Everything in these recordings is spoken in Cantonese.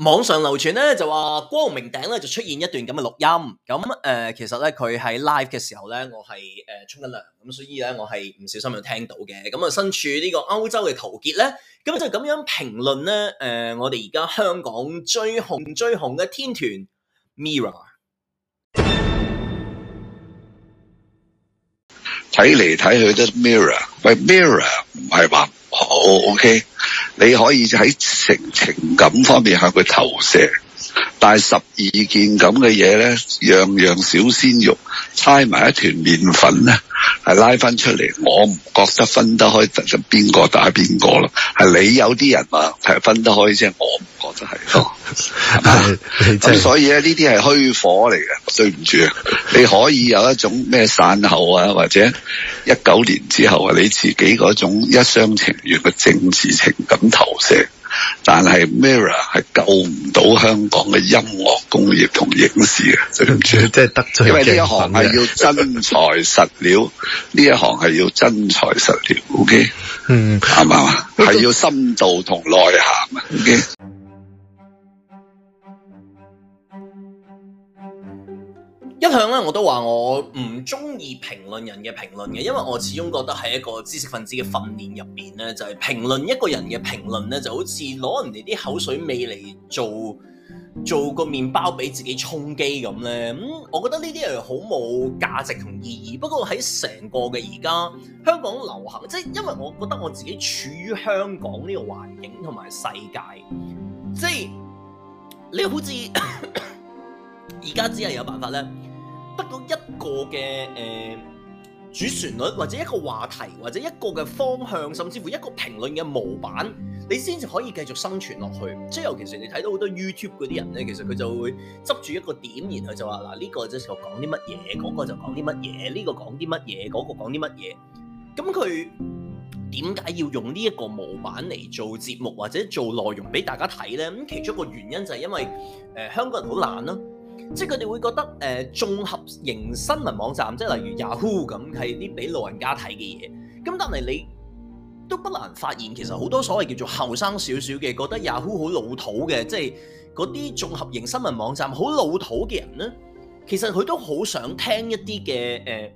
網上流傳咧，就話光明頂咧就出現一段咁嘅錄音，咁誒、呃、其實咧佢喺 live 嘅時候咧我係誒沖緊涼，咁所以咧我係唔小心有聽到嘅，咁啊身處呢個歐洲嘅陶傑咧，咁就咁樣評論咧誒我哋而家香港最紅最紅嘅天團 Mirror，睇嚟睇去都係 Mirror，喂 Mirror 唔係吧？好，oh, OK。你可以喺情情感方面向佢投射，但係十二件咁嘅嘢咧，樣樣小鮮肉猜埋一團麵粉咧，係拉翻出嚟，我唔覺得分得開，就邊個打邊個咯。係你有啲人話係分得開啫，我唔覺得係。 就是、所以咧，呢啲係虛火嚟嘅，對唔住。 你可以有一種咩散後啊，或者一九年之後啊，你自己嗰種一廂情願嘅政治情感投射，但係 Mirror 係救唔到香港嘅音樂工業同影視嘅，對唔住，即係得罪。因為呢一行係要真材實料，呢 一行係要真材實料。 o、okay? K，嗯，啱唔啱啊？係 要深度同內涵啊。O K。一向咧，我都話我唔中意評論人嘅評論嘅，因為我始終覺得喺一個知識分子嘅訓練入邊咧，就係評論一個人嘅評論咧，就好似攞人哋啲口水味嚟做做個麵包俾自己充飢咁咧。咁、嗯、我覺得呢啲係好冇價值同意義。不過喺成個嘅而家香港流行，即係因為我覺得我自己處於香港呢個環境同埋世界，即係你就好似而家只係有辦法咧。得到一個嘅誒、呃、主旋律，或者一個話題，或者一個嘅方向，甚至乎一個評論嘅模板，你先至可以繼續生存落去。即係尤其是你睇到好多 YouTube 嗰啲人咧，其實佢就會執住一個點，然後就話嗱呢個即係講啲乜嘢，嗰、這個就講啲乜嘢，呢、這個講啲乜嘢，嗰、這個講啲乜嘢。咁佢點解要用呢一個模板嚟做節目或者做內容俾大家睇咧？咁其中一個原因就係因為誒、呃、香港人好懶囉。即係佢哋會覺得誒、呃、綜合型新聞網站，即係例如 Yahoo 咁，係啲俾老人家睇嘅嘢。咁但係你都不難發現，其實好多所謂叫做後生少少嘅，覺得 Yahoo 好老土嘅，即係嗰啲綜合型新聞網站好老土嘅人呢，其實佢都好想聽一啲嘅誒，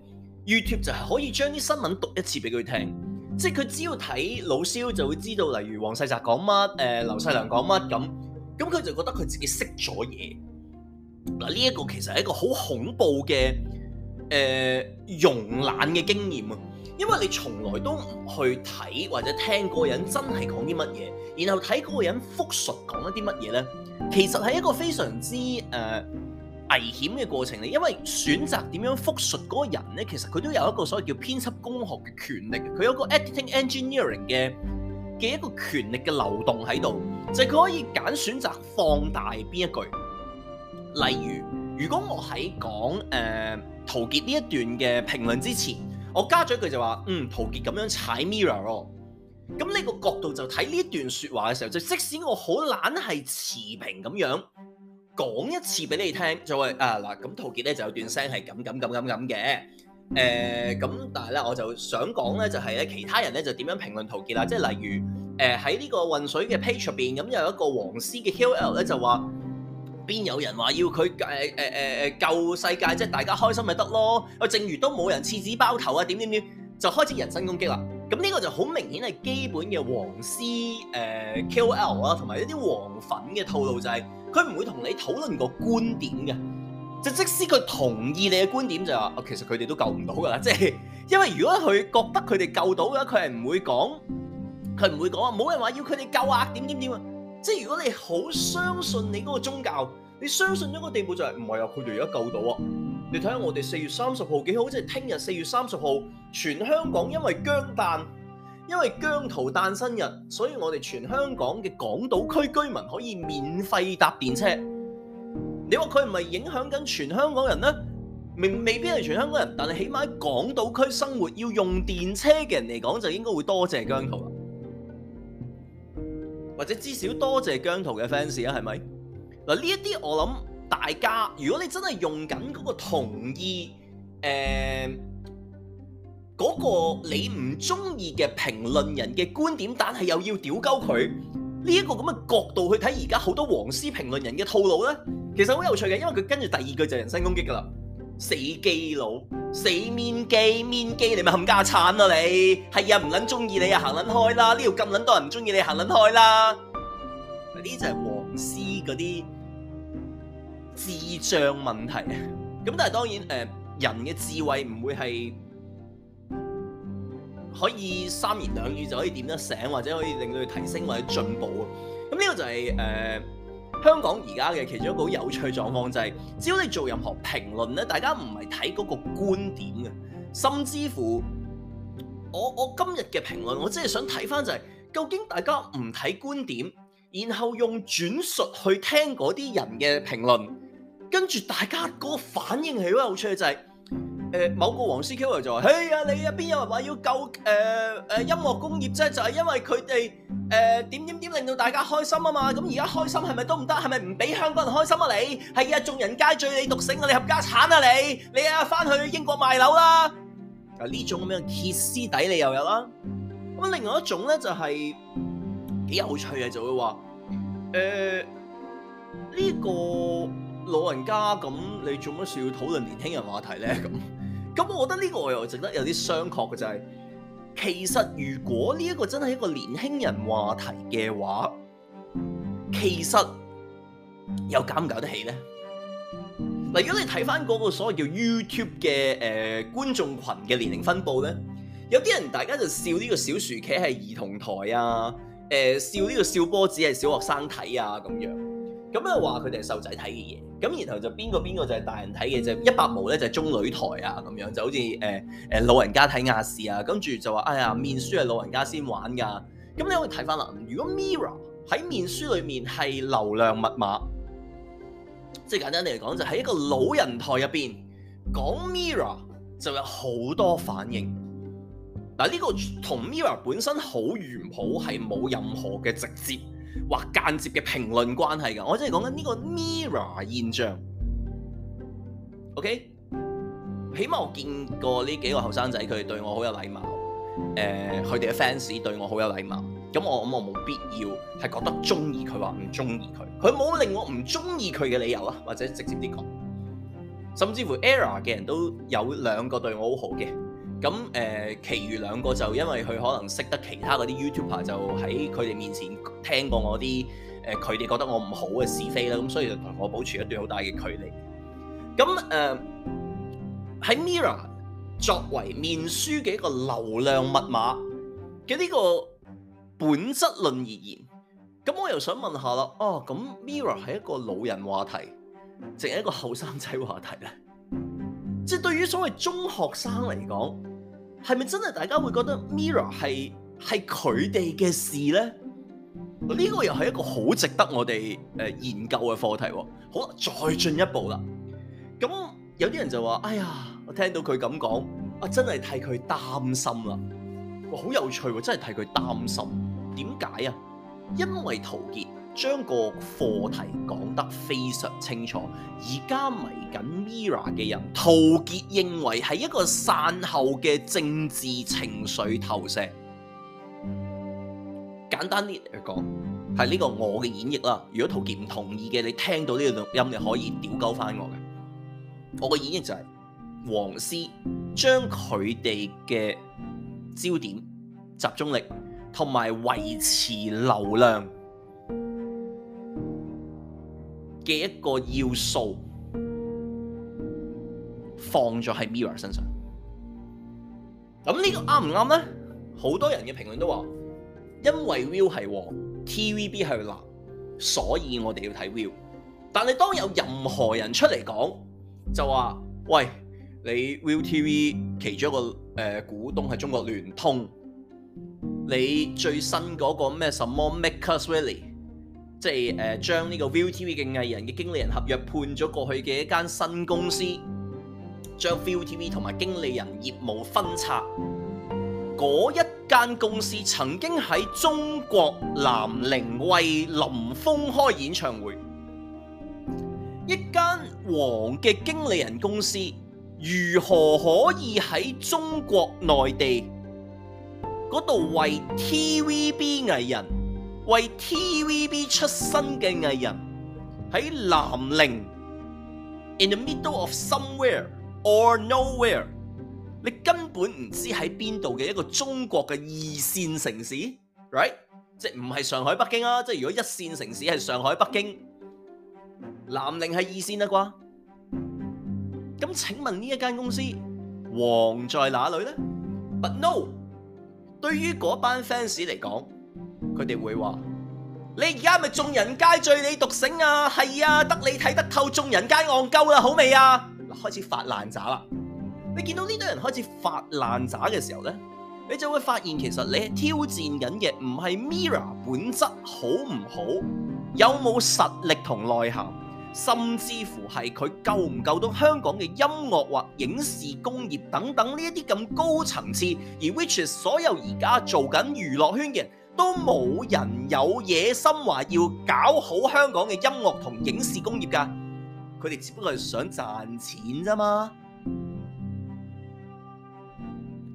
YouTube 就係可以將啲新聞讀一次俾佢聽。即係佢只要睇老蕭就會知道，例如黃世澤講乜，誒、呃、劉細良講乜咁。咁佢就覺得佢自己識咗嘢。嗱，呢一個其實係一個好恐怖嘅誒、呃、容懶嘅經驗啊，因為你從來都唔去睇或者聽嗰個人真係講啲乜嘢，然後睇嗰個人複述講一啲乜嘢咧，其實係一個非常之誒、呃、危險嘅過程嚟，因為選擇點樣複述嗰個人咧，其實佢都有一個所謂叫編輯工學嘅權力，佢有個 editing engineering 嘅嘅一個權力嘅流動喺度，就係、是、佢可以揀選擇放大邊一句。例如，如果我喺講誒陶傑呢一段嘅評論之前，我加咗一句就話：嗯，陶傑咁樣踩 Mirror 咯、哦。咁呢個角度就睇呢段説話嘅時候，就即使我好懶係持平咁樣講一次俾你聽，就係啊嗱，咁陶傑咧就有段聲係咁咁咁咁咁嘅。誒、呃、咁，但係咧我就想講咧，就係、是、咧其他人咧就點樣評論陶傑啦。即係例如誒喺呢個渾水嘅 page 入邊，咁有一個黃絲嘅 KOL 咧就話。邊有人話要佢誒誒誒誒救世界啫？大家開心咪得咯！啊，正如都冇人廁紙包頭啊，點點點就開始人身攻擊啦！咁呢個就好明顯係基本嘅黃絲誒 KOL 啊，同、呃、埋一啲黃粉嘅套路就係佢唔會同你討論個觀點嘅。就即使佢同意你嘅觀點就他們都不，就話其實佢哋都救唔到㗎啦。即係因為如果佢覺得佢哋救到嘅，佢係唔會講，佢唔會講啊！冇人話要佢哋救啊，點點點啊！即係如果你好相信你嗰個宗教，你相信咗一個地步就係唔係啊？佢哋而家救到啊！你睇下我哋四月三十號幾好，即係聽日四月三十號，全香港因為姜誕，因為姜濤誕生日，所以我哋全香港嘅港島區居民可以免費搭電車。你話佢唔係影響緊全香港人呢？明未必係全香港人，但係起碼喺港島區生活要用電車嘅人嚟講，就應該會多謝姜濤。或者至少多謝姜濤嘅 fans 啊，係咪？嗱呢一啲我諗大家，如果你真係用緊嗰個同意，誒、呃、嗰、嗰個你唔中意嘅評論人嘅觀點，但係又要屌鳩佢，呢、這、一個咁嘅角度去睇而家好多黃絲評論人嘅套路咧，其實好有趣嘅，因為佢跟住第二句就係人身攻擊㗎啦。死基佬，死面基，面基你咪冚家鏟咯、啊、你！係啊，唔撚中意你啊，行撚開啦！呢條咁撚多人唔中意你，行撚開啦！呢就係黃絲嗰啲智障問題啊！咁但係當然誒、呃，人嘅智慧唔會係可以三言兩語就可以點得醒，或者可以令到佢提升或者進步啊！咁呢個就係、是、誒。呃香港而家嘅其中一個有趣嘅狀況就係，只要你做任何評論咧，大家唔係睇嗰個觀點嘅，甚至乎我我今日嘅評論，我真係想睇翻就係、是，究竟大家唔睇觀點，然後用轉述去聽嗰啲人嘅評論，跟住大家個反應係好有趣、就是，就係誒某個黃 CQ 就話，哎啊，你啊邊有人話要救誒誒、呃呃、音樂工業啫，就係、是、因為佢哋。誒、呃、點點點令到大家開心啊嘛！咁而家開心係咪都唔得？係咪唔俾香港人開心啊你係啊！眾人皆醉你獨醒啊！你合家鏟啊你你啊！翻去英國賣樓啦！啊呢種咁樣歇斯底里又有啦。咁另外一種咧就係、是、幾有趣嘅，就會話誒呢個老人家咁，你做乜事要討論年輕人話題咧？咁咁我覺得呢個我又值得有啲商榷嘅就係、是。其實，如果呢一個真係一個年輕人話題嘅話，其實又搞唔搞得起呢？嗱，如果你睇返嗰個所謂叫 YouTube 嘅誒、呃、觀眾群嘅年齡分佈呢，有啲人大家就笑呢個小薯茄係兒童台啊，誒、呃、笑呢個笑波子係小學生睇啊咁樣。咁又話佢哋係瘦仔睇嘅嘢，咁然後就邊個邊個就係大人睇嘅，就一百毛咧就係中女台啊咁樣，就好似誒誒老人家睇亞視啊，跟住就話哎呀面書係老人家先玩噶，咁你可以睇翻啦。如果 Mirror 喺面書裡面係流量密碼，即係簡單嚟講，就喺一個老人台入邊講 Mirror 就有好多反應。嗱，呢個同 Mirror 本身好與唔好係冇任何嘅直接或間接嘅評論關係㗎，我真係講緊呢個 mirror 現象。OK，起碼我見過呢幾個後生仔，佢哋對我好有禮貌。誒、呃，佢哋嘅 fans 對我好有禮貌。咁我，咁我冇必要係覺得中意佢話唔中意佢，佢冇令我唔中意佢嘅理由啊。或者直接啲講，甚至乎 ERROR 嘅人都有兩個對我好好嘅。咁誒、呃，其餘兩個就因為佢可能識得其他嗰啲 YouTuber，就喺佢哋面前聽過我啲誒，佢、呃、哋覺得我唔好嘅是非啦，咁所以就同我保持一段好大嘅距離。咁誒喺、呃、Mirror 作為面書嘅一個流量密碼嘅呢個本質論而言，咁我又想問下啦，哦，咁 Mirror 係一個老人話題，定係一個後生仔話題咧？即 係對於所謂中學生嚟講。係咪真係大家會覺得 Mirror 係係佢哋嘅事咧？呢個又係一個好值得我哋誒研究嘅課題喎。好啦，再進一步啦。咁有啲人就話：哎呀，我聽到佢咁講，我真係替佢擔心啦。哇，好有趣喎！真係替佢擔心。點解啊？因為陶傑。將個課題講得非常清楚。而家迷緊 Mirror 嘅人，陶傑認為係一個散後嘅政治情緒投射。簡單啲嚟講，係呢個我嘅演繹啦。如果陶傑唔同意嘅，你聽到呢個錄音，你可以屌鳩翻我嘅。我嘅演繹就係黃絲將佢哋嘅焦點、集中力同埋維持流量嘅一個要素放咗喺 Mirror 身上，咁呢個啱唔啱呢？好多人嘅評論都話，因為 Viu 係黃，TVB 係藍，所以我哋要睇 Viu。但係當有任何人出嚟講，就話，喂，你 Viu TV 其中一個誒股東係中國聯通，你最新嗰個咩什麼 Make Us Really？即係誒、呃、將呢個 ViuTV 嘅藝人嘅經理人合約判咗過去嘅一間新公司，將 ViuTV 同埋經理人業務分拆。嗰一間公司曾經喺中國南寧為林峰開演唱會，一間黃嘅經理人公司，如何可以喺中國內地嗰度為 TVB 藝人？為 TVB 出身嘅藝人喺南寧，in the middle of somewhere or nowhere，你根本唔知喺邊度嘅一個中國嘅二線城市，right？即係唔係上海、北京啊？即係如果一線城市係上海、北京，南寧係二線啦啩？咁請問呢一間公司王在哪裏呢？But no，對於嗰班 fans 嚟講。佢哋會話：你而家咪眾人皆醉，你獨醒啊！係啊，得你睇得透，眾人皆戇鳩啦，好未啊？嗱，開始發爛渣啦！你見到呢堆人開始發爛渣嘅時候呢，你就會發現其實你係挑戰緊嘅唔係 Mirror 本質好唔好，有冇實力同內涵，甚至乎係佢夠唔夠到香港嘅音樂或影視工業等等呢一啲咁高層次而 which is 所有而家做緊娛樂圈嘅。都冇人有野心話要搞好香港嘅音樂同影視工業㗎，佢哋只不過係想賺錢啫嘛。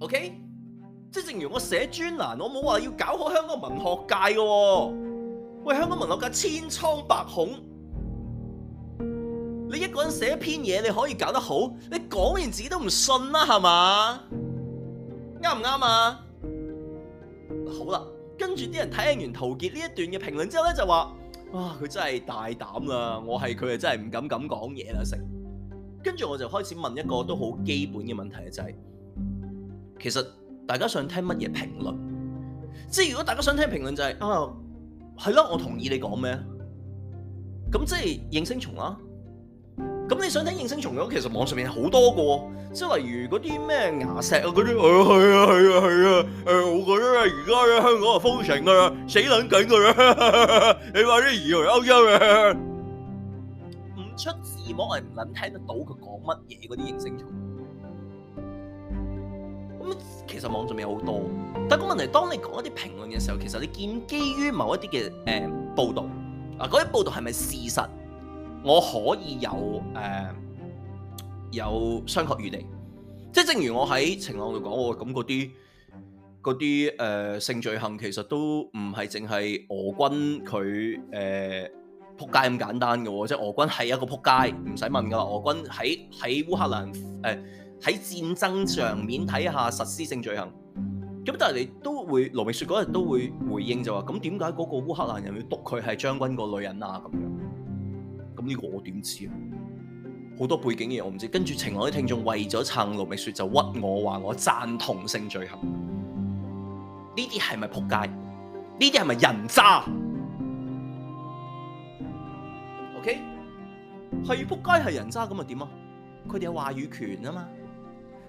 OK，即係正如我寫專欄，我冇話要搞好香港文學界㗎。喂，香港文學界千瘡百孔，你一個人寫一篇嘢，你可以搞得好，你講完自己都唔信啦，係嘛？啱唔啱啊？好啦。跟住啲人睇完陶傑呢一段嘅評論之後咧，就話：啊，佢真係大膽啦！我係佢啊，真係唔敢咁講嘢啦，成。跟住我就開始問一個都好基本嘅問題，就係其實大家想聽乜嘢評論？即係如果大家想聽評論，就係啊，係咯，我同意你講咩？咁即係應聲蟲啦。咁你想聽應聲蟲嘅？其實網上面好多噶，即係例如嗰啲咩牙石啊嗰啲，係啊係啊係啊，誒、啊啊啊啊，我覺得而家香港係封城噶啦，死捻緊噶啦，你話啲移居歐洲嘅，唔出字幕係唔能聽得到佢講乜嘢嗰啲應聲蟲。咁其實網上面好多，但係個問題，當你講一啲評論嘅時候，其實你建基於某一啲嘅誒報道，嗱嗰啲報道係咪事實？我可以有誒、呃、有商榷餘地，即係正如我喺情況度講喎，咁嗰啲啲誒性罪行其實都唔係淨係俄軍佢誒撲街咁簡單嘅喎，即係俄軍係一個撲街唔使問噶啦，俄軍喺喺烏克蘭誒喺戰爭上面睇下實施性罪行，咁但係你都會羅明雪嗰日都會回應就話，咁點解嗰個烏克蘭人要篤佢係將軍個女人啊咁樣？呢個我點知啊？好多背景嘢我唔知。跟住，情愛啲聽眾為咗撐盧美雪就屈我話我贊同性罪行，呢啲係咪撲街？呢啲係咪人渣？OK，係撲街係人渣咁啊？點啊？佢哋有話語權啊嘛，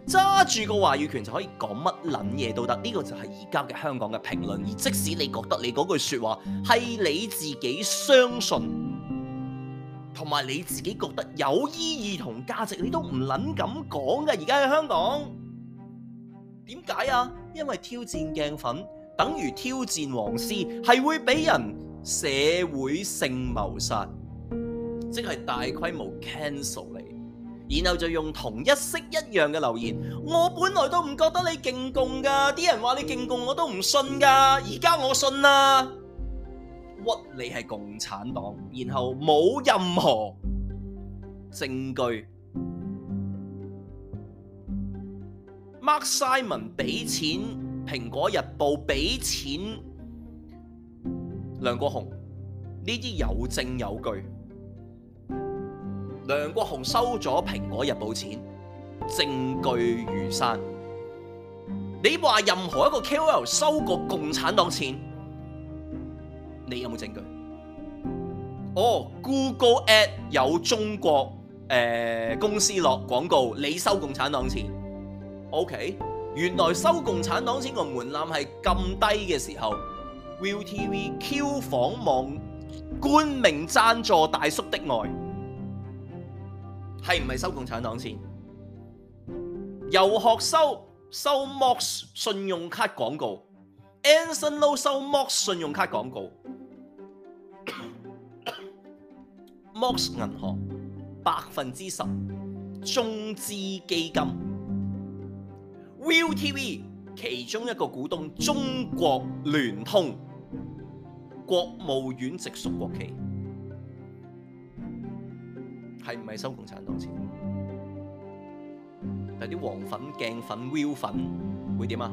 揸住個話語權就可以講乜撚嘢都得。呢個就係而家嘅香港嘅評論。而即使你覺得你嗰句説話係你自己相信。同埋你自己覺得有意義同價值，你都唔捻咁講嘅。而家喺香港，點解啊？因為挑戰鏡粉等於挑戰黃絲，係會俾人社會性謀殺，即係大規模 cancel 你。然後就用同一色一樣嘅留言。我本來都唔覺得你勁共噶，啲人話你勁共我都唔信噶。而家我信啦。屈你係共產黨，然後冇任何證據。Mark Simon 俾錢，《蘋果日報》俾錢梁國雄，呢啲有證有據。梁國雄收咗《蘋果日報》錢，證據如山。你話任何一個 KOL 收過共產黨錢？你有冇證據？哦、oh，Google Ad 有中國誒、呃、公司落廣告，你收共產黨錢？OK，原來收共產黨錢個門檻係咁低嘅時候，ViuTV、Q 房網冠名贊助大叔的愛係唔係收共產黨錢？遊學修收 Mox 信用卡廣告，Anson Lo 收 Mox 信用卡廣告。Mox 銀行百分之十中資基金，ViuTV 其中一個股東中國聯通，國務院直屬國企，係唔係收共產黨錢？但、就、啲、是、黃粉鏡粉 Viu 粉會點啊？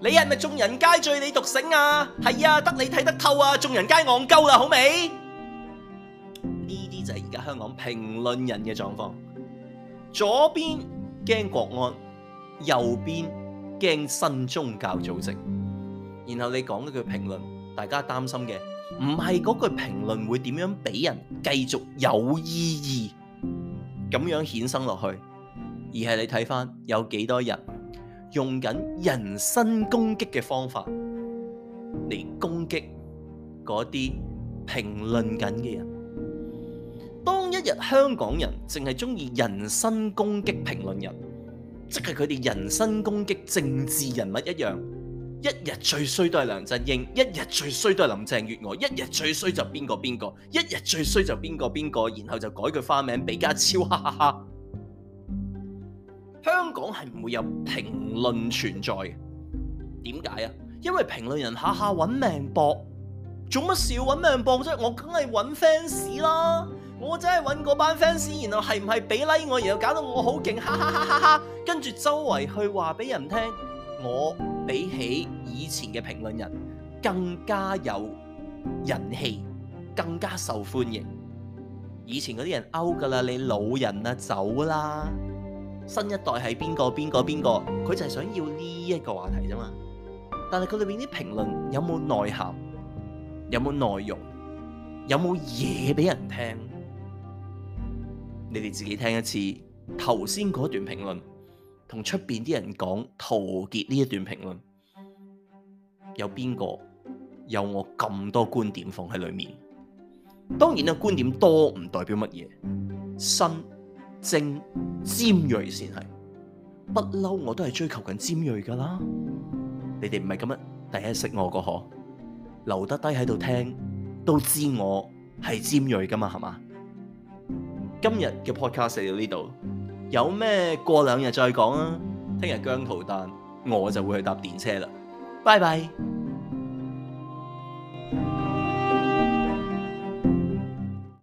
你係咪眾人皆醉你獨醒啊？係啊，得你睇得透啊，眾人皆戇鳩啦，好未？就係而家香港評論人嘅狀況，左邊驚國安，右邊驚新宗教組織。然後你講嗰句評論，大家擔心嘅唔係嗰句評論會點樣俾人繼續有意義咁樣衍生落去，而係你睇翻有幾多人用緊人身攻擊嘅方法嚟攻擊嗰啲評論緊嘅人。香港人淨係中意人身攻擊評論人，即係佢哋人身攻擊政治人物一樣。一日最衰都係梁振英，一日最衰都係林鄭月娥，一日最衰就邊個邊個，一日最衰就邊個邊個，然後就改句花名俾家超哈哈哈。香港係唔會有評論存在嘅，點解啊？因為評論人下下揾命搏，做乜事要揾命搏啫？我梗係揾 fans 啦。我真係揾嗰班 fans，然後係唔係俾 like 我，然後搞到我好勁，哈哈哈哈哈。跟住周圍去話俾人聽，我比起以前嘅評論人更加有人氣，更加受歡迎。以前嗰啲人 out 噶啦，你老人啊走啦。新一代係邊個邊個邊個，佢就係想要呢一個話題啫嘛。但係佢裏邊啲評論有冇內涵？有冇內容？有冇嘢俾人聽？你哋自己聽一次頭先嗰段評論，同出邊啲人講陶傑呢一段評論，有邊個有我咁多觀點放喺裏面？當然啦，觀點多唔代表乜嘢，新、正、尖銳先係。不嬲，我都係追求緊尖銳㗎啦。你哋唔係咁啊，第一識我個可留得低喺度聽，都知道我係尖銳㗎嘛，係嘛？今日嘅 podcast 嚟到呢度，有咩過兩日再講啊！聽日姜濤誕我就會去搭電車啦，拜拜。